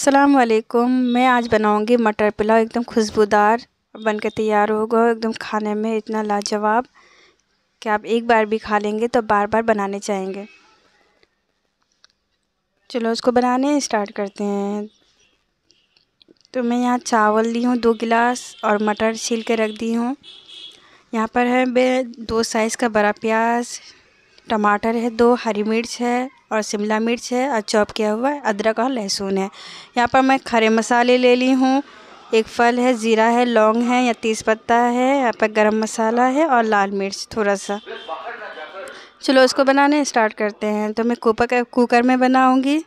असलकुम मैं आज बनाऊंगी मटर पुलाव एकदम खुशबूदार बनकर तैयार होगा एकदम खाने में इतना लाजवाब कि आप एक बार भी खा लेंगे तो बार बार बनाने चाहेंगे चलो उसको बनाने स्टार्ट करते हैं तो मैं यहाँ चावल ली हूँ दो गिलास और मटर छील के रख दी हूँ यहाँ पर है दो साइज़ का बड़ा प्याज टमाटर है दो हरी मिर्च है और शिमला मिर्च है और चॉप किया हुआ है अदरक और लहसुन है यहाँ पर मैं खरे मसाले ले ली हूँ एक फल है ज़ीरा है लौंग है या तीस पत्ता है यहाँ पर गरम मसाला है और लाल मिर्च थोड़ा सा चलो इसको बनाने स्टार्ट करते हैं तो मैं कूपर कुकर में बनाऊँगी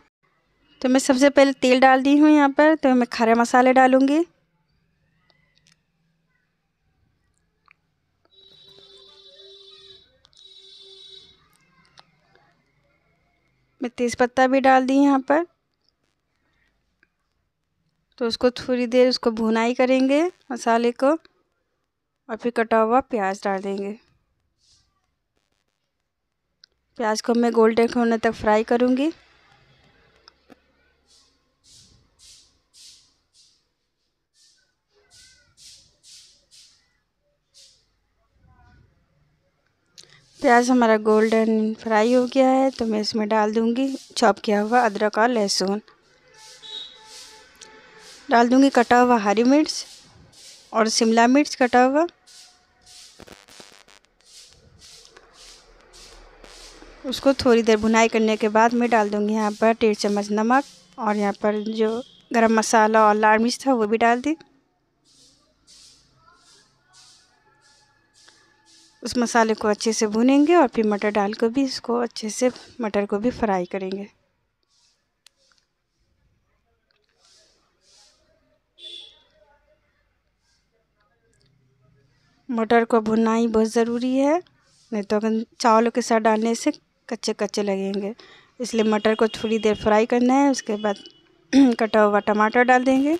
तो मैं सबसे पहले तेल डाल दी हूँ यहाँ पर तो मैं खरे मसाले डालूँगी मैं तेज़पत्ता भी डाल दी यहाँ पर तो उसको थोड़ी देर उसको भुनाई करेंगे मसाले को और फिर कटा हुआ प्याज डाल देंगे प्याज को मैं गोल्डन होने तक फ्राई करूँगी प्याज हमारा गोल्डन फ्राई हो गया है तो मैं इसमें डाल दूँगी चॉप किया हुआ अदरक और लहसुन डाल दूँगी कटा हुआ हरी मिर्च और शिमला मिर्च कटा हुआ उसको थोड़ी देर भुनाई करने के बाद मैं डाल दूँगी यहाँ पर डेढ़ चम्मच नमक और यहाँ पर जो गरम मसाला और लाल मिर्च था वो भी डाल दी उस मसाले को अच्छे से भुनेंगे और फिर मटर डाल कर भी इसको अच्छे से मटर को भी फ्राई करेंगे मटर को भुनना ही बहुत ज़रूरी है नहीं तो अगर चावलों के साथ डालने से कच्चे कच्चे लगेंगे इसलिए मटर को थोड़ी देर फ्राई करना है उसके बाद कटा हुआ टमाटर डाल देंगे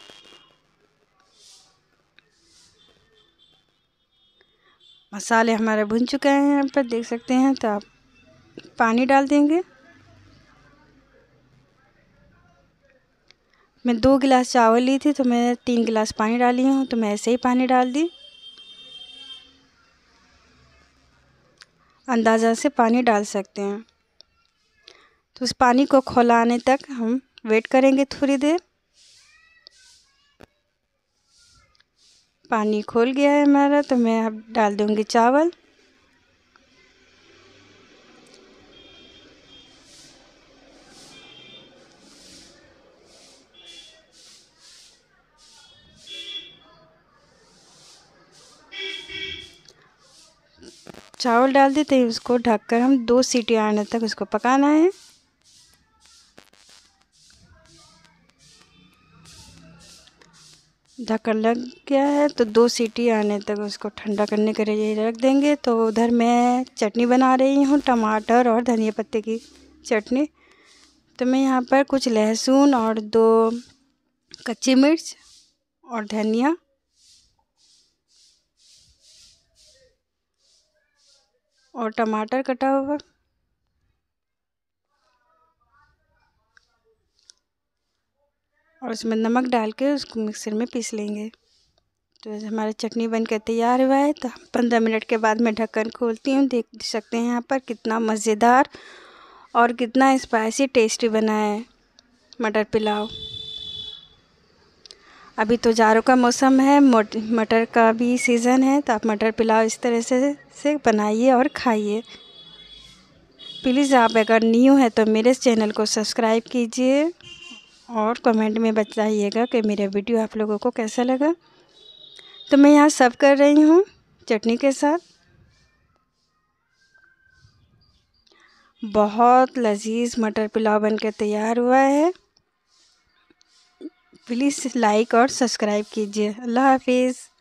मसाले हमारे भुन चुके हैं यहाँ पर देख सकते हैं तो आप पानी डाल देंगे मैं दो गिलास चावल ली थी तो मैं तीन गिलास पानी डाली हूँ तो मैं ऐसे ही पानी डाल दी अंदाज़ा से पानी डाल सकते हैं तो उस पानी को खोलाने तक हम वेट करेंगे थोड़ी देर पानी खोल गया है हमारा तो मैं अब डाल दूंगी चावल चावल डाल देते हैं उसको ढककर हम दो सीटी आने तक उसको पकाना है ढक्कन लग गया है तो दो सीटी आने तक उसको ठंडा करने के लिए रख देंगे तो उधर मैं चटनी बना रही हूँ टमाटर और धनिया पत्ते की चटनी तो मैं यहाँ पर कुछ लहसुन और दो कच्ची मिर्च और धनिया और टमाटर कटा हुआ और उसमें नमक डाल के उसको मिक्सर में पीस लेंगे तो हमारी चटनी बनकर तैयार हुआ है तो पंद्रह मिनट के बाद मैं ढक्कन खोलती हूँ देख सकते हैं यहाँ पर कितना मज़ेदार और कितना स्पाइसी टेस्टी बना है मटर पुलाव अभी तो जाड़ों का मौसम है मटर का भी सीज़न है तो आप मटर पुलाव इस तरह से से बनाइए और खाइए प्लीज़ आप अगर न्यू है तो मेरे चैनल को सब्सक्राइब कीजिए और कमेंट में बताइएगा कि मेरा वीडियो आप लोगों को कैसा लगा तो मैं यहाँ सर्व कर रही हूँ चटनी के साथ बहुत लजीज मटर पुलाव बनकर तैयार हुआ है प्लीज़ लाइक और सब्सक्राइब कीजिए अल्लाह हाफिज़